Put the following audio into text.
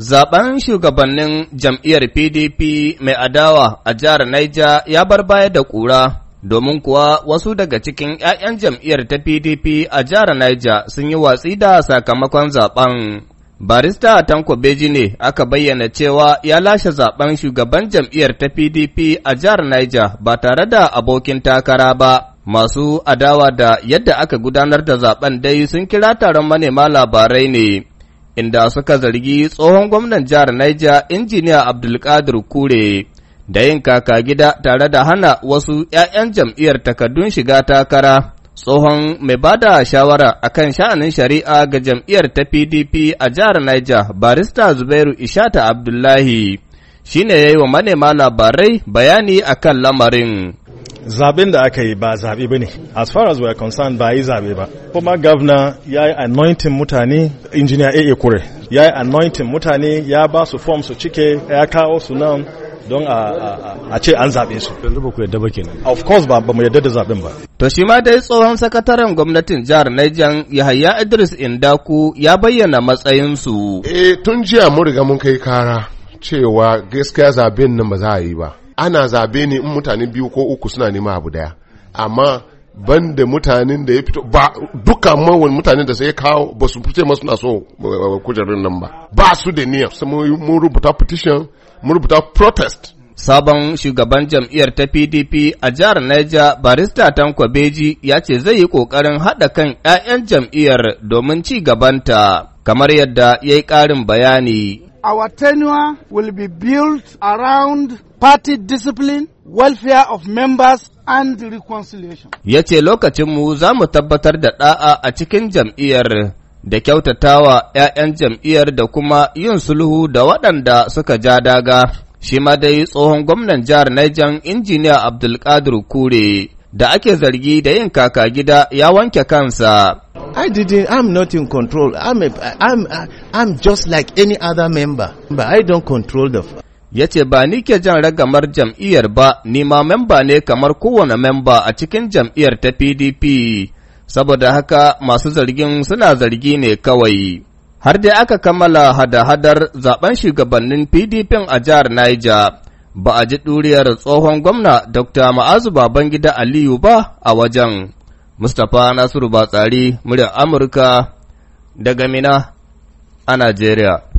Zaben shugabannin jam'iyyar PDP mai adawa a jihar Naija ya bar baya da ƙura, domin kuwa wasu daga cikin ‘ya'yan jam'iyyar ta PDP a jihar Naija sun yi watsi da sakamakon zaben. Barista Tanko Beji ne aka bayyana cewa ya lashe zaben shugaban jam'iyyar ta PDP a jihar Naija ba tare da abokin takara ba. Masu adawa da yadda aka gudanar da zaben dai sun kira taron manema labarai ne. inda suka zargi tsohon gwamnan jihar Niger injiniya Abdulkadir Kure da yin kaka gida tare da hana wasu 'ya'yan jam'iyyar takardun shiga takara tsohon mai ba da shawara akan sha'anin shari'a ga jam'iyyar ta PDP a jihar Niger barista Zubairu Ishata Abdullahi shine yi wa manema labarai bayani akan lamarin. zaben da aka yi ba zabe bane as far as we are concerned ba yi zabe ba kuma governor ya yi anointing mutane engineer AA Kure ya yi anointing mutane ya ba su form su cike ya kawo su nan don a ce an zaɓe su. Yanzu ba ku yadda ba kenan. Of course ba ba mu yadda da zaɓen ba. To shi ma dai tsohon sakataren gwamnatin jihar Niger Yahaya Idris Indaku ya bayyana matsayinsu. Eh tun jiya mun riga mun kai kara cewa gaskiya zaɓen nan ba za a yi ba. ana zabe ne in mutane biyu ko uku suna nema abu daya amma ban da mutanen da ya fito ba duka mawan mutanen da sai ya kawo ba su fice masu na so eh, kujerun nan ba ba su da niyya mun rubuta petition mun rubuta protest sabon shugaban jam'iyyar ta PDP a jihar Niger barista Tanko Beji ya ce zai yi kokarin hada kan 'ya'yan jam'iyyar domin ci gabanta kamar yadda ya yi ƙarin bayani. Our tenure will be built around party discipline, welfare of members and reconciliation. Ya ce lokacinmu za mu tabbatar da ɗa'a a cikin jam'iyyar da kyautatawa 'ya'yan jam'iyyar da kuma yin sulhu da waɗanda suka ja daga. Shi ma dai tsohon gwamnan jihar Niger injiniya Abdulkadir Kure da ake zargi da yin kaka gida ya wanke kansa. I didn't. I'm not in control. I'm a, I'm I'm just like any other member. But I don't control the. ya ce ba ni ke jan ragamar jam'iyyar ba, ni ma memba ne kamar kowane memba a cikin jam'iyyar ta PDP, saboda haka masu zargin suna zargi ne kawai. Har dai aka kammala hada-hadar zaben shugabannin PDP a jihar Niger, ba a ji ɗuriyar tsohon gwamna Dr. Ma'azu Babangida Aliyu ba a wajen. Mustapha Nasiru Batsari, muryar Amurka, daga Mina a Najeriya.